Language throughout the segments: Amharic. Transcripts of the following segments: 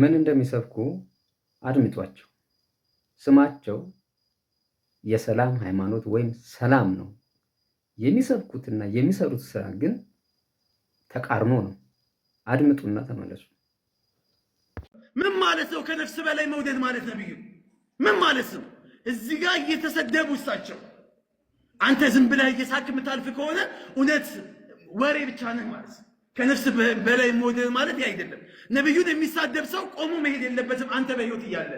ምን እንደሚሰብኩ አድምጧቸው። ስማቸው የሰላም ሃይማኖት ወይም ሰላም ነው። የሚሰብኩትና የሚሰሩት ስራ ግን ተቃርኖ ነው። አድምጡና ተመለሱ። ምን ማለት ነው? ከነፍስ በላይ መውደድ ማለት ነብዩ ምን ማለት ነው? እዚህ ጋር እየተሰደቡ እሳቸው አንተ ዝም ብለህ እየሳቅ የምታልፍ ከሆነ እውነት ወሬ ብቻ ነህ ማለት ነው። ከነፍስ በላይ መውደድ ማለት ይህ አይደለም። ነቢዩን የሚሳደብ ሰው ቆሞ መሄድ የለበትም አንተ በህይወት እያለ።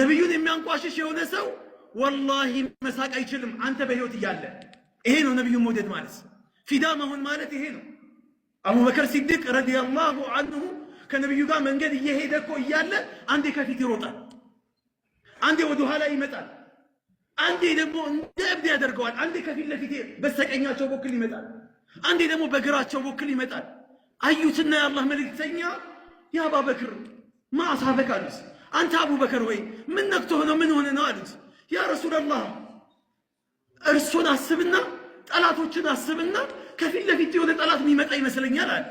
ነቢዩን የሚያንቋሽሽ የሆነ ሰው ወላሂ መሳቅ አይችልም አንተ በህይወት እያለ። ይሄ ነው ነቢዩን መውደድ ማለት። ፊዳ መሆን ማለት ይሄ ነው። አቡበከር ሲዲቅ ረዲየላሁ አንሁ ከነቢዩ ጋር መንገድ እየሄደ እኮ እያለ አንዴ ከፊት ይሮጣል፣ አንዴ ወደ ኋላ ይመጣል፣ አንዴ ደግሞ እንደ እብድ ያደርገዋል፣ አንዴ ከፊት ለፊት በስተቀኛቸው በኩል ይመጣል። አንዴ ደግሞ በግራቸው በኩል ይመጣል። አዩትና የአላህ መልእክተኛ ያ አባበክር ማአሳበክ አሉት። አንተ አቡበከር ወይ ምን ነክቶ ሆነ ምን ሆነ ነው አሉት። ያ ረሱላላህ እርሱን አስብና ጠላቶችን አስብና ከፊት ለፊት የሆነ ጠላት የሚመጣ ይመስለኛል አለ።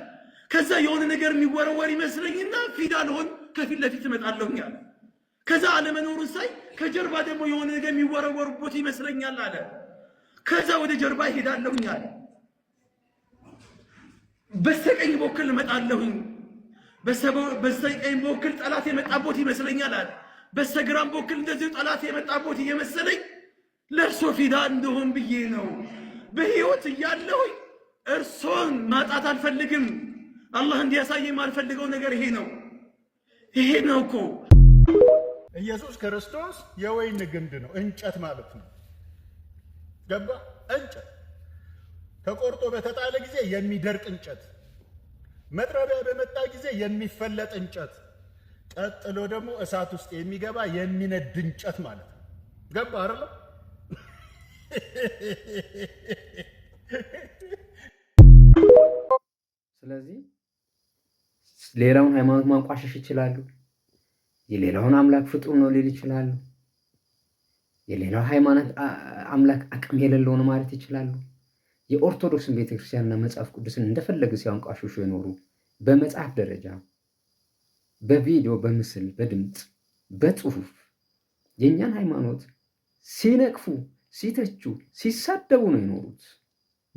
ከዛ የሆነ ነገር የሚወረወር ይመስለኝና ፊዳ ልሆን ከፊት ለፊት እመጣለሁኝ አለ። ከዛ አለመኖሩን ሳይ ከጀርባ ደግሞ የሆነ ነገር የሚወረወርቦት ይመስለኛል አለ። ከዛ ወደ ጀርባ ይሄዳለሁኝ አለ። በስተቀኝ በኩል እመጣለሁኝ፣ በስተቀኝ በኩል ጠላት የመጣቦት ይመስለኛል አለ። በስተግራም በኩል እንደዚሁ ጠላት የመጣቦት እየመሰለኝ ለእርሶ ፊዳ እንደሆን ብዬ ነው። በሕይወት እያለሁኝ እርሶን ማጣት አልፈልግም። አላህ እንዲያሳየ የማልፈልገው ነገር ይሄ ነው። ይሄ ነው እኮ ኢየሱስ ክርስቶስ የወይን ግንድ ነው፣ እንጨት ማለት ነው። ገባ እንጨት ተቆርጦ በተጣለ ጊዜ የሚደርቅ እንጨት፣ መጥረቢያ በመጣ ጊዜ የሚፈለጥ እንጨት፣ ቀጥሎ ደግሞ እሳት ውስጥ የሚገባ የሚነድ እንጨት ማለት ነው። ገባ አይደለ? ስለዚህ ሌላውን ሃይማኖት ማንቋሸሽ ይችላሉ። የሌላውን አምላክ ፍጡር ነው ሊል ይችላሉ። የሌላው ሃይማኖት አምላክ አቅም የሌለው ነው ማለት ይችላሉ። የኦርቶዶክስን ቤተክርስቲያንና መጽሐፍ ቅዱስን እንደፈለገ ሲያንቋሽሹ የኖሩ በመጽሐፍ ደረጃ በቪዲዮ በምስል በድምፅ በጽሁፍ የእኛን ሃይማኖት ሲነቅፉ ሲተቹ ሲሳደቡ ነው የኖሩት።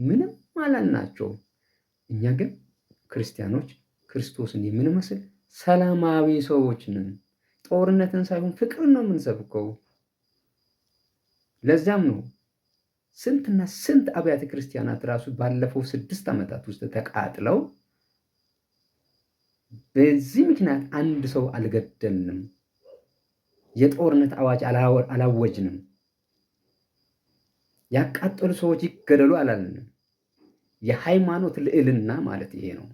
ምንም አላልናቸው። እኛ ግን ክርስቲያኖች ክርስቶስን የምንመስል ሰላማዊ ሰዎች ነን። ጦርነትን ሳይሆን ፍቅርን ነው የምንሰብከው። ለዚያም ነው ስንትና ስንት አብያተ ክርስቲያናት ራሱ ባለፈው ስድስት ዓመታት ውስጥ ተቃጥለው በዚህ ምክንያት አንድ ሰው አልገደልንም፣ የጦርነት አዋጅ አላወጅንም፣ ያቃጠሉ ሰዎች ይገደሉ አላልንም። የሃይማኖት ልዕልና ማለት ይሄ ነው።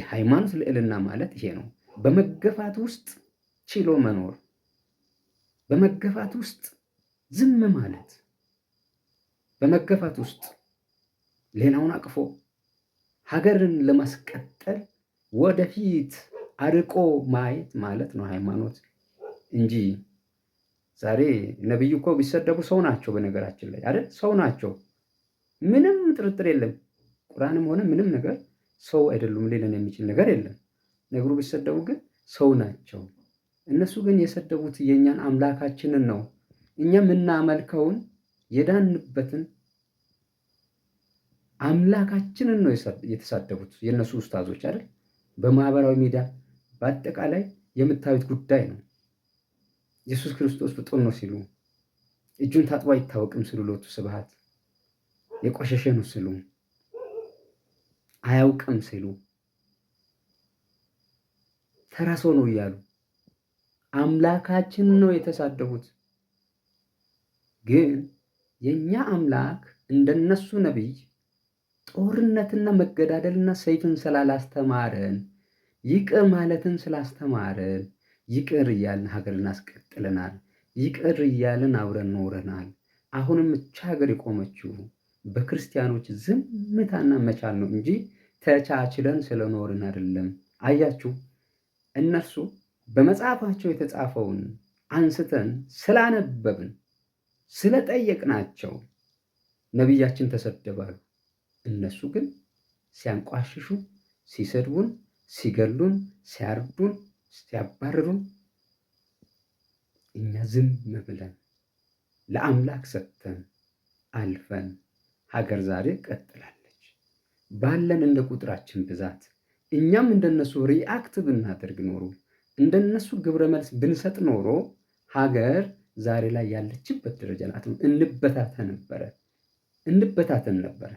የሃይማኖት ልዕልና ማለት ይሄ ነው። በመገፋት ውስጥ ችሎ መኖር፣ በመገፋት ውስጥ ዝም ማለት በመገፋት ውስጥ ሌላውን አቅፎ ሀገርን ለማስቀጠል ወደፊት አርቆ ማየት ማለት ነው ሃይማኖት እንጂ ዛሬ ነቢዩ እኮ ቢሰደቡ ሰው ናቸው። በነገራችን ላይ አይደል ሰው ናቸው፣ ምንም ጥርጥር የለም። ቁርአንም ሆነ ምንም ነገር ሰው አይደሉም፣ ሌለን የሚችል ነገር የለም። ነግሩ ቢሰደቡ ግን ሰው ናቸው። እነሱ ግን የሰደቡት የእኛን አምላካችንን ነው እኛ የምናመልከውን የዳንበትን አምላካችንን ነው የተሳደቡት የእነሱ ውስታዞች አይደል? በማህበራዊ ሚዲያ በአጠቃላይ የምታዩት ጉዳይ ነው። ኢየሱስ ክርስቶስ ፍጡር ነው ሲሉ፣ እጁን ታጥቦ አይታወቅም ሲሉ፣ ሎቱ ስብሐት የቆሸሸ ነው ሲሉ፣ አያውቅም ሲሉ፣ ተራ ሰው ነው እያሉ አምላካችን ነው የተሳደቡት ግን የእኛ አምላክ እንደነሱ ነቢይ ጦርነትና መገዳደልና ሰይፍን ስላላስተማረን ይቅር ማለትን ስላስተማረን ይቅር እያልን ሀገርን አስቀጥለናል። ይቅር እያልን አብረን ኖረናል። አሁንም እቻ ሀገር የቆመችው በክርስቲያኖች ዝምታና መቻል ነው እንጂ ተቻችለን ስለኖርን አይደለም። አያችሁ፣ እነርሱ በመጽሐፋቸው የተጻፈውን አንስተን ስላነበብን ስለጠየቅናቸው ነቢያችን ተሰደባሉ። እነሱ ግን ሲያንቋሽሹ፣ ሲሰድቡን፣ ሲገሉን፣ ሲያርዱን፣ ሲያባርሩን እኛ ዝም ብለን ለአምላክ ሰጥተን አልፈን ሀገር ዛሬ ቀጥላለች። ባለን እንደ ቁጥራችን ብዛት እኛም እንደነሱ ሪአክት ብናደርግ ኖሮ እንደነሱ ግብረ መልስ ብንሰጥ ኖሮ ሀገር ዛሬ ላይ ያለችበት ደረጃ ናት። እንበታተ ነበረ እንበታተን ነበረ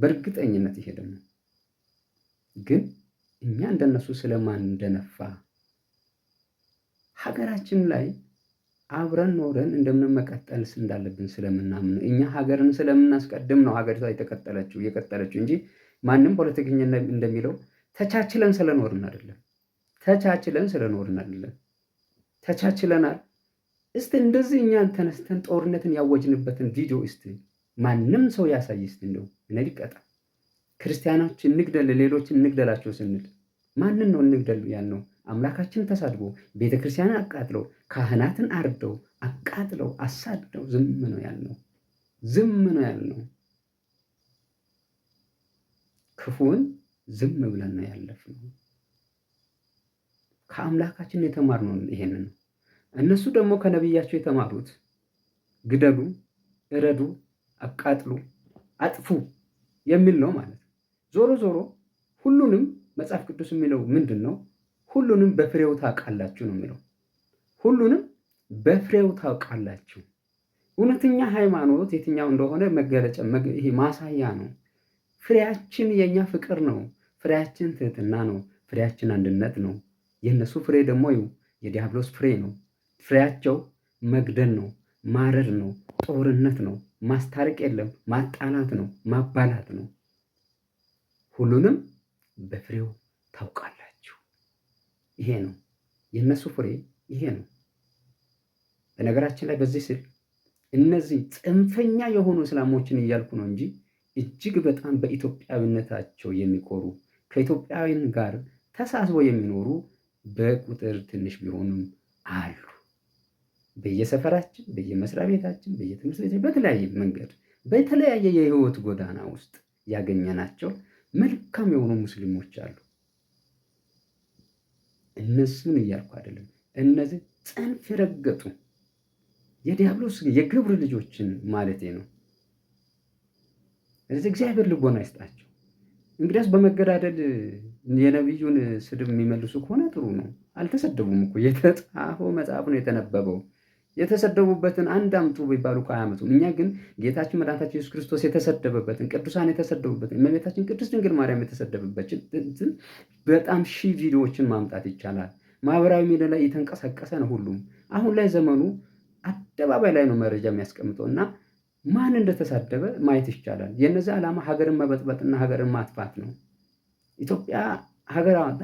በእርግጠኝነት ይሄ ደግሞ ግን እኛ እንደነሱ ስለማን እንደነፋ ሀገራችን ላይ አብረን ኖረን እንደምንመቀጠል እንዳለብን ስለምናምን እኛ ሀገርን ስለምናስቀድም ነው ሀገሪቷ የተቀጠለችው የቀጠለችው እንጂ ማንም ፖለቲከኛ እንደሚለው ተቻችለን ስለኖርን አይደለም። ተቻችለን ስለኖርን አይደለም። ተቻችለናል። እስቲ እንደዚህ እኛን ተነስተን ጦርነትን ያወጅንበትን ቪዲዮ እስቲ ማንም ሰው ያሳይ እስቲ እንደው እኔ ይቀጣ ክርስቲያኖች እንግደል፣ ሌሎች እንግደላቸው ስንል ማንን ነው እንግደል ያልነው? አምላካችን ተሳድቦ ቤተ ክርስቲያንን አቃጥለው ካህናትን አርደው አቃጥለው አሳድደው ዝም ነው ያልነው፣ ዝም ነው ያልነው። ክፉን ዝም ብለን ነው ያለፍነው። ከአምላካችን የተማርነው ይሄንን ነው። እነሱ ደግሞ ከነቢያቸው የተማሩት ግደሉ፣ እረዱ፣ አቃጥሉ፣ አጥፉ የሚል ነው ማለት ነው። ዞሮ ዞሮ ሁሉንም መጽሐፍ ቅዱስ የሚለው ምንድን ነው? ሁሉንም በፍሬው ታውቃላችሁ ነው የሚለው። ሁሉንም በፍሬው ታውቃላችሁ። እውነተኛ ሃይማኖት የትኛው እንደሆነ መገለጫ ይሄ ማሳያ ነው። ፍሬያችን የእኛ ፍቅር ነው። ፍሬያችን ትህትና ነው። ፍሬያችን አንድነት ነው። የእነሱ ፍሬ ደግሞ የዲያብሎስ ፍሬ ነው። ፍሬያቸው መግደል ነው፣ ማረድ ነው፣ ጦርነት ነው፣ ማስታረቅ የለም፣ ማጣላት ነው፣ ማባላት ነው። ሁሉንም በፍሬው ታውቃላችሁ። ይሄ ነው የእነሱ ፍሬ፣ ይሄ ነው። በነገራችን ላይ በዚህ ስል እነዚህ ጽንፈኛ የሆኑ እስላሞችን እያልኩ ነው እንጂ እጅግ በጣም በኢትዮጵያዊነታቸው የሚኮሩ ከኢትዮጵያውያን ጋር ተሳስበው የሚኖሩ በቁጥር ትንሽ ቢሆኑም አሉ። በየሰፈራችን፣ በየመስሪያ ቤታችን፣ በየትምህርት ቤት በተለያየ መንገድ በተለያየ የህይወት ጎዳና ውስጥ ያገኘናቸው መልካም የሆኑ ሙስሊሞች አሉ። እነሱን እያልኩ አይደለም። እነዚህ ጽንፍ የረገጡ የዲያብሎስ የግብር ልጆችን ማለቴ ነው። ስለዚህ እግዚአብሔር ልቦና ይስጣቸው። እንግዲያስ በመገዳደል የነቢዩን ስድብ የሚመልሱ ከሆነ ጥሩ ነው። አልተሰደቡም እኮ የተጻፈው መጽሐፍ ነው የተነበበው። የተሰደቡበትን አንድ አምጡ ቢባሉ እኮ አያመጡም። እኛ ግን ጌታችን መድኃኒታችን ኢየሱስ ክርስቶስ የተሰደበበትን ቅዱሳን የተሰደቡበትን እመቤታችን ቅድስት ድንግል ማርያም የተሰደበበችን በጣም ሺህ ቪዲዮዎችን ማምጣት ይቻላል። ማህበራዊ ሚዲያ ላይ የተንቀሳቀሰ ነው ሁሉም። አሁን ላይ ዘመኑ አደባባይ ላይ ነው መረጃ የሚያስቀምጠው እና ማን እንደተሳደበ ማየት ይቻላል። የነዚህ ዓላማ ሀገርን መበጥበጥና ሀገርን ማጥፋት ነው። ኢትዮጵያ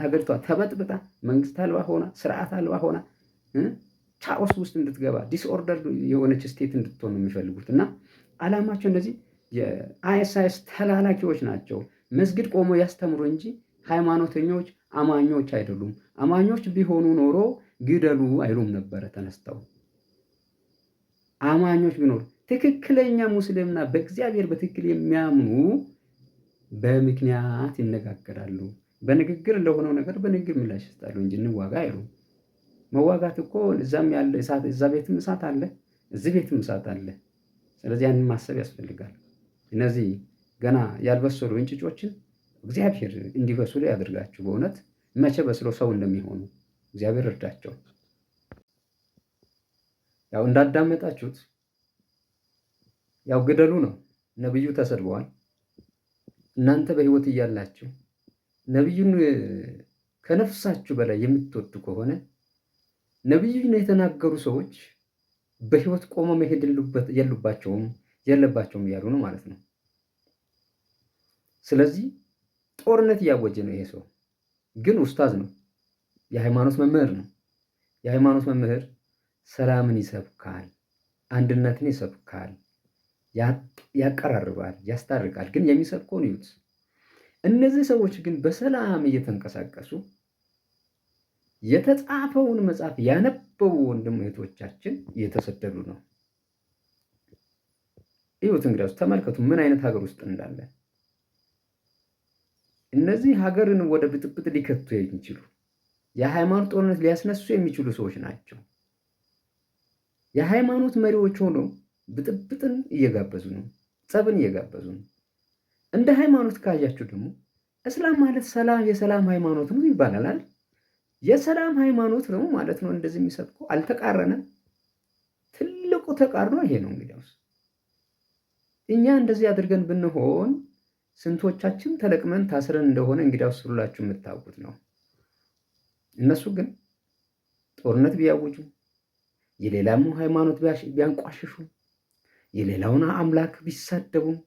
ሀገሪቷ ተበጥብጣ መንግስት አልባ ሆና ስርዓት አልባ ሆና ቻኦስ ውስጥ እንድትገባ ዲስኦርደር የሆነች ስቴት እንድትሆን ነው የሚፈልጉት እና አላማቸው እነዚህ የአይስአይስ ተላላኪዎች ናቸው። መስጊድ ቆሞ ያስተምሩ እንጂ ሃይማኖተኞች አማኞች አይደሉም። አማኞች ቢሆኑ ኖሮ ግደሉ አይሉም ነበረ ተነስተው። አማኞች ቢኖሩ ትክክለኛ ሙስሊምና በእግዚአብሔር በትክክል የሚያምኑ በምክንያት ይነጋገራሉ። በንግግር ለሆነው ነገር በንግግር ምላሽ ይሰጣሉ እንጂ እንዋጋ አይሉም። መዋጋት እኮ እዛም ያለ እሳት እዛ ቤትም እሳት አለ፣ እዚህ ቤትም እሳት አለ። ስለዚህ ያንን ማሰብ ያስፈልጋል። እነዚህ ገና ያልበሰሉ እንጭጮችን እግዚአብሔር እንዲበስሉ ያደርጋችሁ። በእውነት መቼ በስሎ ሰው እንደሚሆኑ እግዚአብሔር እርዳቸው። ያው እንዳዳመጣችሁት ያው ግደሉ ነው። ነብዩ ተሰድበዋል። እናንተ በህይወት እያላችሁ ነብዩን ከነፍሳችሁ በላይ የምትወዱ ከሆነ ነቢዩ የተናገሩ ሰዎች በህይወት ቆመ መሄድ የሉባቸውም የለባቸውም እያሉ ነው ማለት ነው። ስለዚህ ጦርነት እያወጀ ነው ይሄ ሰው። ግን ኡስታዝ ነው፣ የሃይማኖት መምህር ነው። የሃይማኖት መምህር ሰላምን ይሰብካል፣ አንድነትን ይሰብካል፣ ያቀራርባል፣ ያስታርቃል። ግን የሚሰብከውን ይዩት። እነዚህ ሰዎች ግን በሰላም እየተንቀሳቀሱ የተጻፈውን መጽሐፍ ያነበቡ ወንድም እህቶቻችን እየተሰደዱ ነው። ይሁት እንግዲያውስ ተመልከቱ ምን አይነት ሀገር ውስጥ እንዳለ? እነዚህ ሀገርን ወደ ብጥብጥ ሊከቱ የሚችሉ የሃይማኖት ጦርነት ሊያስነሱ የሚችሉ ሰዎች ናቸው። የሃይማኖት መሪዎች ሆኖ ብጥብጥን እየጋበዙ ነው፣ ጸብን እየጋበዙ ነው። እንደ ሃይማኖት ካያችሁ ደግሞ እስላም ማለት ሰላም የሰላም ሃይማኖት ነው ይባላል። የሰላም ሃይማኖት ነው ማለት ነው። እንደዚህ የሚሰብከው አልተቃረነም። ትልቁ ተቃርኖ ይሄ ነው። እንግዲያውስ እኛ እንደዚህ አድርገን ብንሆን ስንቶቻችን ተለቅመን ታስረን እንደሆነ እንግዲያውስ ሁላችሁ የምታውቁት ነው። እነሱ ግን ጦርነት ቢያውጁ የሌላም ሃይማኖት ቢያንቋሽሹ የሌላውን አምላክ ቢሳደቡም?